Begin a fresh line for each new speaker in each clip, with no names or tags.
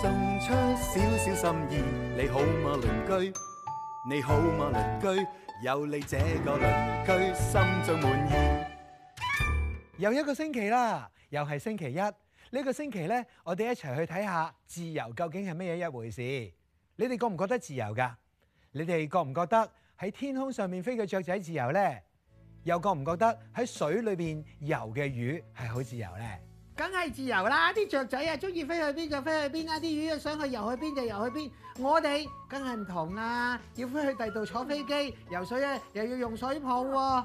送出少少心意，你好嘛鄰居？你好嘛鄰居？有你這個鄰居，心中滿意。又一個星期啦，又係星期一。呢、這個星期咧，我哋一齊去睇下自由究竟係乜嘢一回事。你哋覺唔覺得自由㗎？你哋覺唔覺得喺天空上面飛嘅雀仔自由呢？又覺唔覺得喺水裏面游嘅魚係好自由呢？梗係自由啦！啲雀仔啊，中意飛去邊就飛去邊啦；啲魚啊，想去游去邊就游去邊。我哋梗係唔同啦，要飛去第度坐飛機，游水啊又要用水泡喎。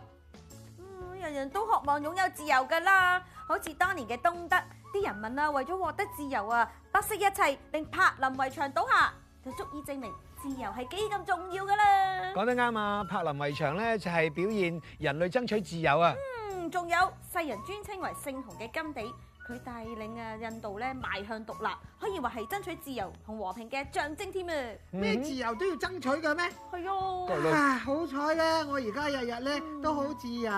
嗯，人人都渴望擁有自由噶啦，好似當年嘅東德啲人民啊，為咗獲得自
由啊，不惜一切令柏林圍牆倒下，就足以證明自由係幾咁
重要噶啦。
講得啱啊！柏林圍牆咧就係表現人類爭取自由啊。
嗯，仲有世人尊稱為聖雄嘅甘地。佢帶領啊印度咧邁向獨立，可以話係爭取自由同和，和平嘅象徵添啊！
咩、嗯、自由都要爭取嘅咩？係呀啊！好彩咧，我而家日日咧都好自由，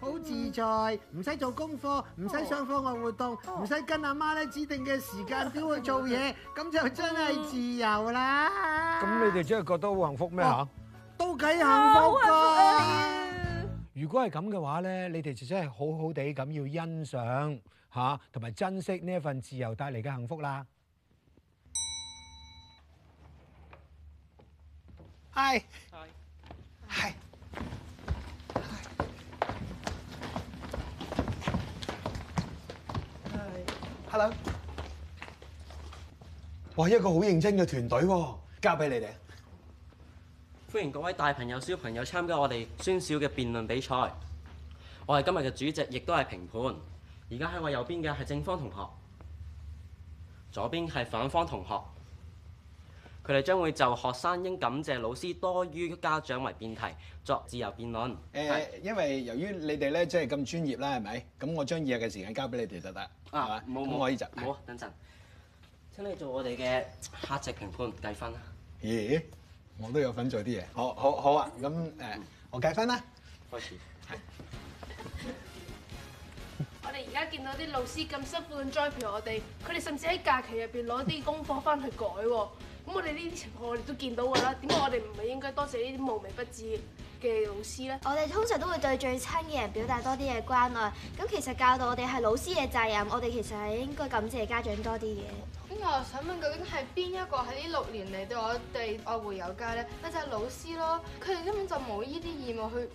好、嗯、自在，唔使做功課，唔使上課外活動，唔使、哦哦、跟阿媽咧指定嘅時間表去做嘢，咁、嗯、就真係自由啦！咁、嗯嗯、你哋真係覺得好幸福咩嚇、啊？都幾幸福啊！福啊啊如果係咁嘅話咧，你哋就真係好好地咁要欣賞。嚇，同埋珍惜呢一份自由帶嚟嘅幸福啦。Hi，Hi，Hi，Hello！哇，一個好認真嘅團隊啊，交俾你哋。
歡迎各位大朋友小朋友參加我哋孫少嘅辯論比賽。我哋今日嘅主席，亦都係評判。而家喺我右邊嘅係正方同學，左邊係反方同學。佢哋將會就學生應感謝老師多於家長為辯題作自由辯論。
誒、呃，是因為由於你哋咧即係咁專業啦，係咪？咁我將二日嘅時間交俾你哋就得。
啊，係嘛？冇冇吧沒可以就？好啊沒，是等陣。請你做我哋嘅
客席評判計分啦。咦、欸？我都有份做啲嘢。好，好，好啊。咁誒，我計分啦。開始。係。
而家見到啲老師咁辛苦咁栽培我哋，佢哋甚至喺假期入邊攞啲功課返去改喎。咁我哋呢啲情況我哋都見到㗎啦。點解我哋唔係應該多謝呢啲無微不至嘅老師咧？我哋通
常都會對最親嘅人表達多啲嘅關愛。咁其實教導我哋係老師嘅責任，我哋其實係應該感謝家長多啲嘅。咁、嗯、我想問，究竟係邊一個喺呢六年嚟對我哋愛護有加咧？咪就係、是、老師咯。佢哋根本就冇呢啲義務去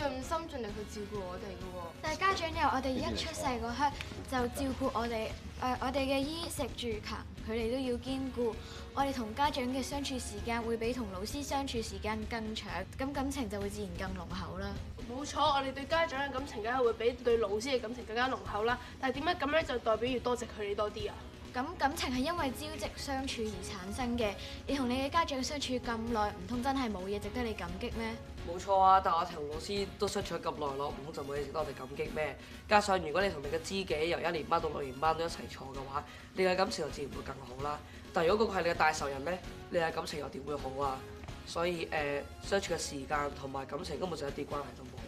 盡心盡力去照顧我哋嘅喎，但係家長由我哋一出世嗰刻就照顧我哋，誒對、呃、我哋嘅衣食住行，佢哋都要兼顧。我哋同家長嘅相處時間會比同老師相處時間更長，咁感情就會
自然更濃厚啦。冇錯，我哋對家長嘅感情梗係會比對老師嘅感情更加濃厚啦。但係點解咁樣就代表要多謝佢哋多啲呀？
咁感情係因為朝夕相處而產生嘅，你同你嘅家長相處咁耐，唔通真係冇嘢值得你感激咩？
冇錯啊，但係我同老師都相處咗咁耐咯，唔通、嗯、就冇嘢值得我哋感激咩？加上如果你同你嘅知己由一年班到六年班都一齊坐嘅話，你嘅感情自然會更好啦？但如果嗰個係你嘅大仇人呢，你嘅感情又點會好啊？所以誒，相處嘅時間同埋感情根本上一啲關係都冇。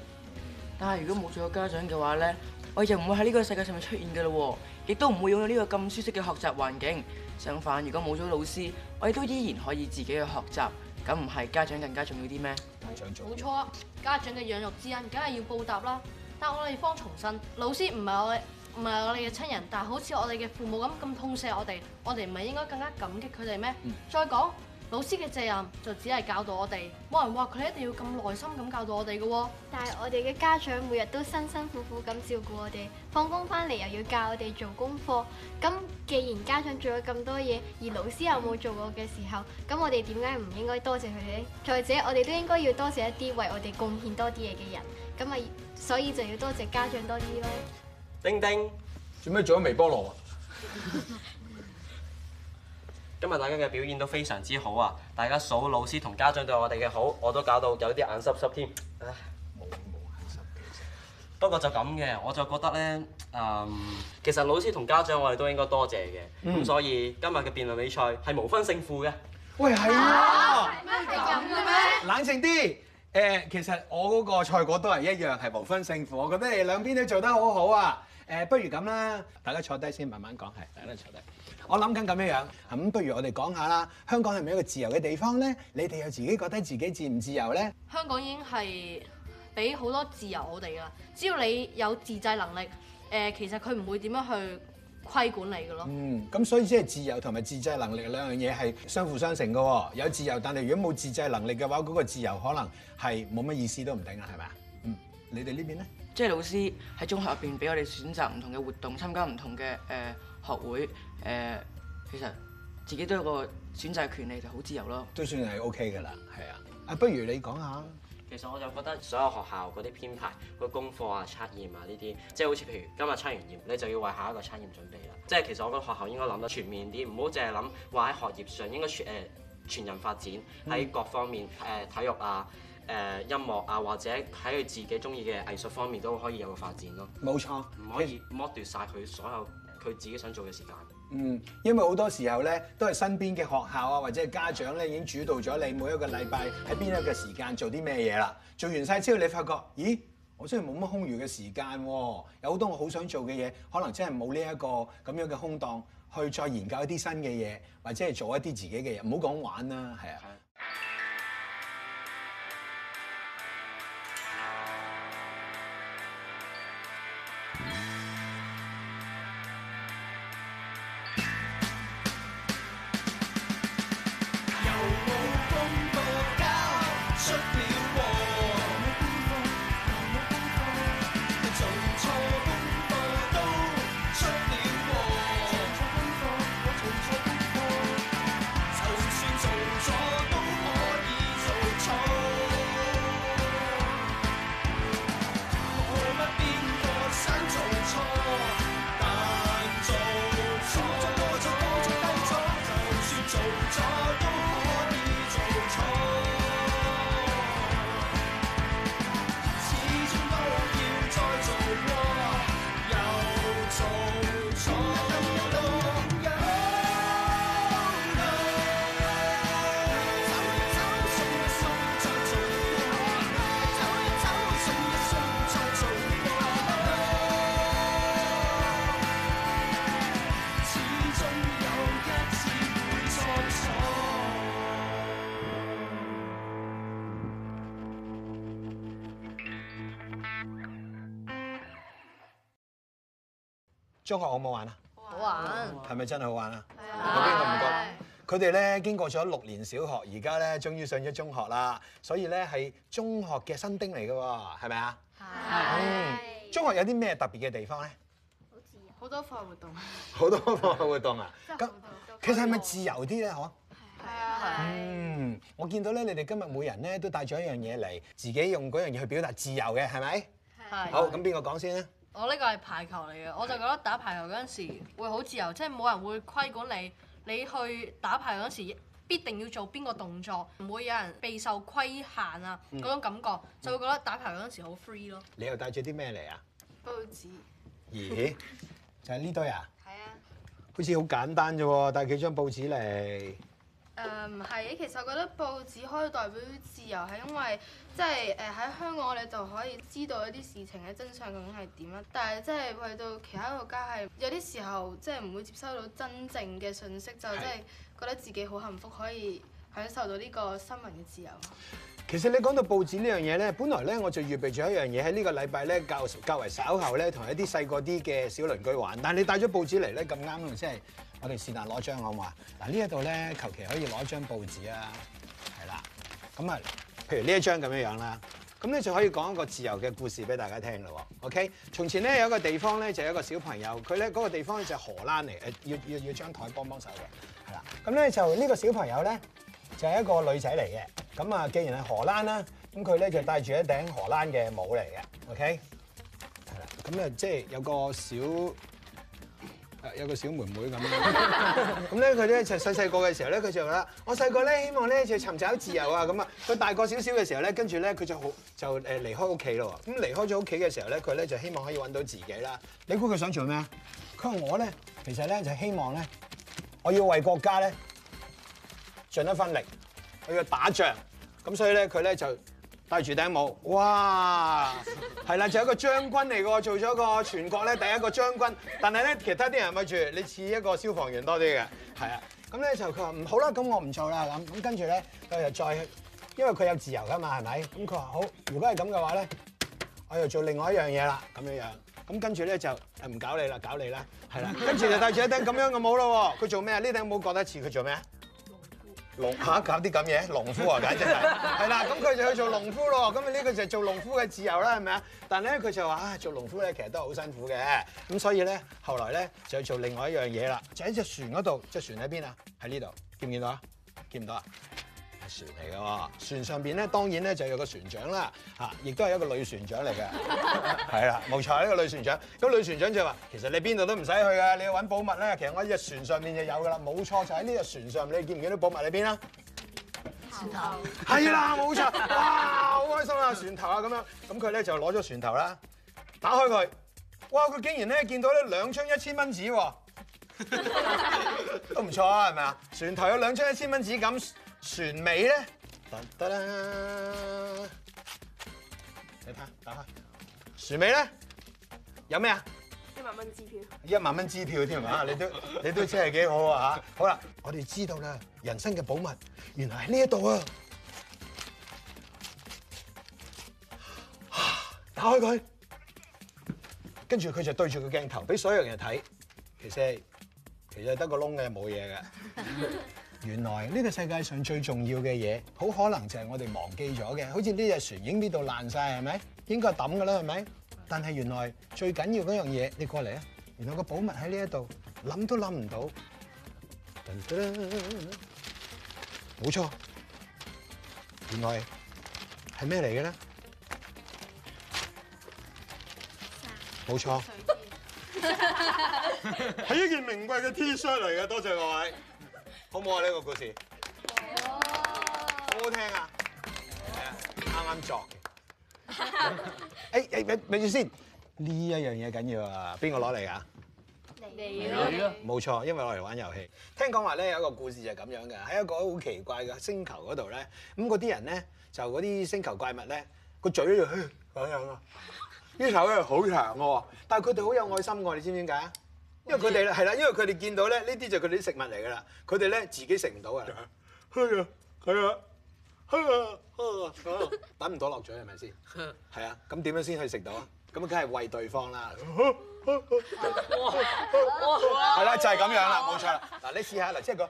但係如果冇咗個家長嘅話呢，我哋就唔會喺呢個世界上面出現嘅咯喎，亦都唔會擁有呢個咁舒適嘅學習環境。相反，如果冇咗老師，我亦都依然可以自己去學習。咁唔係家長更加重要啲咩？做錯家長重要。冇錯啊，家長嘅養育之恩，梗係要報答啦。但係我哋方重申，老師唔係我哋，唔係我哋嘅親人，但係好似我哋嘅父母咁咁痛錫我哋，我哋唔係應該更加感激佢哋咩？嗯、再講。老師嘅責任就只係教導我哋，冇人話佢一定要咁耐心咁教導我哋嘅喎。但係我哋嘅家長每日都辛辛苦苦咁照顧我哋，放工翻嚟又要教我哋做功課。咁既然家長做咗咁多嘢，而老師又冇做過嘅時候，咁我哋點解唔應該多謝佢哋呢？再者，我哋都應該要多謝一啲為我哋貢獻多啲嘢嘅人。咁咪，所以就要多謝家長多啲咯。丁丁，做咩做咗微波爐啊？ 今日大家嘅表現都非常之好啊！大家數老師同家長對我哋嘅好，我都搞到有啲眼濕濕添。冇冇眼濕，不過就咁嘅，我就覺得呢，嗯，其實老師同家長我哋都應該多謝嘅。咁所以今日嘅辯論比賽係無分勝負嘅。
嗯、喂，係啊。係咁嘅咩？
冷靜啲。誒、呃，其實我嗰個賽果都係一樣，係無分勝負。我覺得你兩邊都做得好好啊。誒、呃，不如咁啦，大家坐低先，慢慢講。係，大家坐低。我諗緊咁樣樣，咁不如我哋講下啦。香港係咪一個自由嘅地方咧？你哋有自己覺得自己自唔自由咧？
香港已經係俾好多自由我哋噶啦，只要你有自制能力，誒、呃，其實佢唔會點樣去規管你噶咯。
嗯，咁所以即係自由同埋自制能力兩樣嘢係相輔相成噶。有自由，但係如果冇自制能力嘅話，嗰、那個自由可能係冇乜意思都唔定啦，係咪？嗯，你哋呢邊咧？
即係老師喺中學入邊俾我哋選擇唔同嘅活動，參加唔同嘅誒。呃學會誒、呃，其實自己都有個選擇權利就好自由咯，都算
係 OK 㗎啦，係啊，啊不如你講下。
其實我就覺得所有學校嗰啲編排、個功課啊、測驗啊呢啲，即係好似譬如今日測完驗，你就要為下一個測驗準備啦。即係其實我覺得學校應該諗得全面啲，唔好淨係諗話喺學業上應該誒全、呃、全人發展，喺、嗯、各方面誒、呃、體育啊、誒、呃、音樂啊或者喺佢自己中意嘅藝術方面都可以有個發展咯。冇錯，唔可以剝奪晒佢所有。佢自己想做
嘅時間，嗯，因為好多時候咧，都係身邊嘅學校啊，或者係家長咧，已經主導咗你每一個禮拜喺邊一個時間做啲咩嘢啦。做完晒之後，你發覺，咦，我真係冇乜空餘嘅時間，啊，有好多我好想做嘅嘢，可能真係冇呢一個咁樣嘅空檔去再研究一啲新嘅嘢，或者係做一啲自己嘅嘢。唔好講玩啦，係啊。Okay. 中學好唔好玩啊？
好玩，
係咪真係好玩啊？有邊個唔覺？佢哋咧經過咗六年小學，而家咧終於上咗中學啦，所以咧係中學嘅新丁嚟嘅喎，係咪啊？係。中學有啲咩特別嘅地方咧？
好自由。
好多課外活動。好多課外活動啊？咁其實係咪自由啲咧？嗬？係啊係。嗯，我見到咧，你哋今日每人咧都帶咗一樣嘢嚟，自己用嗰樣嘢去表達自由嘅，係咪？係。
好，咁邊個講先啊？我呢個係排球嚟嘅，我就覺得打排球嗰陣時會好自由，即係冇人會規管你。你去打排球嗰時必定要做邊個動作，唔會有人備受規限啊！嗰種感覺、嗯、就會覺得打排球嗰時好 free 咯。
你又帶咗啲咩嚟啊？
報紙。
咦？就係、是、呢堆啊？係 啊。好似好簡單咋喎，帶幾張報紙嚟。
誒，唔係，其實我覺得報紙可以代表自由，係因為即係誒，喺香港我哋就可以知道一啲事情嘅真相究竟係點啦。但係即係去到其他國家係有啲時候即係唔會接收到真正嘅訊息，就即係覺得自己好幸福可以享受到呢個新聞嘅自由。
其實你講到報紙呢樣嘢呢，本來呢，我就預備咗一樣嘢喺呢個禮拜呢，較較為稍後呢，同一啲細個啲嘅小鄰居玩，但係你帶咗報紙嚟呢，咁啱即係。就是我哋是但攞張好嘛？嗱呢一度咧，求其可以攞張報紙啊，係啦。咁啊，譬如呢一張咁樣樣啦，咁咧就可以講一個自由嘅故事俾大家聽咯。OK，從前咧有一個地方咧就係一個小朋友，佢咧嗰個地方咧就係荷蘭嚟。誒，要要要張台幫幫手嘅，係啦。咁咧就呢個小朋友咧就係一個女仔嚟嘅。咁啊，既然係荷蘭啦，咁佢咧就戴住一頂荷蘭嘅帽嚟嘅。OK，係啦。咁啊，即係有個小。有個小妹妹咁樣，咁咧佢咧就細細個嘅時候咧，佢就話：我細個咧希望咧就尋找自由啊咁啊！佢大個少少嘅時候咧，跟住咧佢就好就誒離開屋企咯。咁離開咗屋企嘅時候咧，佢咧就希望可以揾到自己啦。 你估佢想做咩啊？佢話我咧其實咧就希望咧，我要為國家咧盡一分力，我要打仗。咁所以咧佢咧就戴住頂帽，哇！ 係啦，就係一個將軍嚟嘅喎，做咗個全國咧第一個將軍。但係咧，其他啲人咪住，你似一個消防員多啲嘅，係啊。咁咧就佢話唔好啦，咁我唔做啦咁。咁跟住咧，佢又再，因為佢有自由㗎嘛，係咪？咁佢話好，如果係咁嘅話咧，我又做另外一樣嘢啦，咁樣樣。咁跟住咧就誒唔搞你啦，搞你啦，係啦。 跟住就戴住一頂咁樣嘅帽啦喎，佢做咩啊？呢頂帽覺得似佢做咩啊？嚇、啊、搞啲咁嘢農夫啊，簡直就係係啦。咁佢 就去做農夫咯。咁啊呢個就係做農夫嘅自由啦，係咪啊？但咧佢就話啊，做農夫咧其實都係好辛苦嘅。咁所以咧，後來咧就去做另外一樣嘢啦。就喺隻船嗰度，隻船喺邊啊？喺呢度見唔見到啊？見唔到啊？船嚟㗎喎，船上邊咧當然咧就有個船長啦，嚇、啊，亦都係一個女船長嚟嘅，
係啦， 冇
錯，呢、呢個女船長。咁女船長就話：其實你邊度都唔使去嘅，你要揾寶物咧，其實我喺隻船上面就有㗎啦。冇錯，就喺呢隻船上，你見唔見到寶物喺邊啊？
船
頭係啦，冇錯，哇，好開心啦，船頭啊，咁樣，咁佢咧就攞咗船頭啦，打開佢，哇，佢竟然咧見到呢兩張一千蚊紙喎，都唔錯啊，係咪啊？船頭有兩張一千蚊紙咁。船尾咧，得啦，你睇，打
開，
船尾咧有咩啊？一萬蚊支票，一萬蚊支票添 啊！你都你都真係幾好啊！嚇，好啦，我哋知道啦，人生嘅寶物原來喺呢一度啊！打開佢，跟住佢就對住個鏡頭俾所有人睇，其實其實得個窿嘅，冇嘢嘅。 原來呢個世界上最重要嘅嘢，好可能就係我哋忘記咗嘅。好似呢隻船已經呢度爛晒，係咪？應該抌㗎啦，係咪？但係原來最緊要嗰樣嘢，你過嚟啊！原來個寶物喺呢一度，諗都諗唔到。冇錯，原來係咩嚟嘅咧？冇錯，係一件名貴嘅 T 恤嚟嘅，多謝各位。好唔好啊？呢個故事，好好聽啊？啱啱作嘅，誒誒，咪住先，呢一樣嘢緊要啊！邊個攞嚟啊？你，你咯，冇錯，因為我嚟玩遊戲。聽講話咧有一個故事就咁樣嘅，喺一個好奇怪嘅星球嗰度咧，咁嗰啲人咧就嗰啲星球怪物咧個嘴咧就咁樣咯，啲手咧好長喎，但係佢哋好有愛心嘅，你知唔知點解啊？因為佢哋咧係啦，因為佢哋見到咧呢啲就係佢哋啲食物嚟㗎啦，佢哋咧自己食唔到啊！係啊，係啊，係啊，係啊，揼唔到落嘴係咪先？係啊，咁點樣先可以食到啊？咁梗係餵對方啦。
係啦，就係咁樣啦，
冇錯啦。嗱，你試下啦，即係講。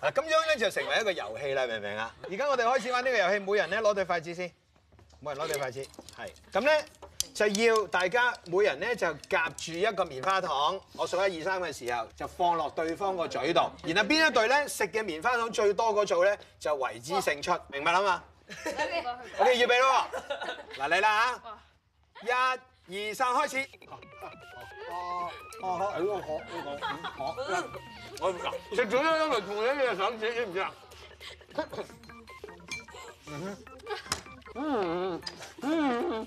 嗱，咁樣咧就成為一個遊戲啦，明唔明啊？而家我哋開始玩呢個遊戲，每人咧攞對筷子先。每人攞對筷子。係。咁咧。就要大家每人咧就夾住一個棉花糖，我數一二三嘅時候就放落對方個嘴度，然後邊一隊咧食嘅棉花糖最多嗰組咧就為之勝出，明白啦嘛？OK，要畀囉，嗱，你啦嚇，一二三開始。哦哦，哎，好好，我食咗一輪同你一樣手指，知唔知啊？嗯嗯嗯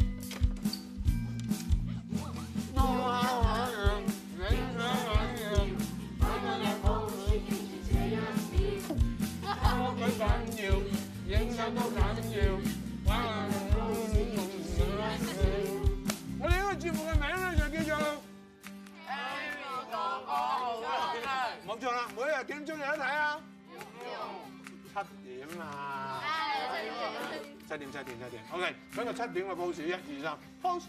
七點七點七點，OK，咁個七點嘅 pose，一、二、三，pose。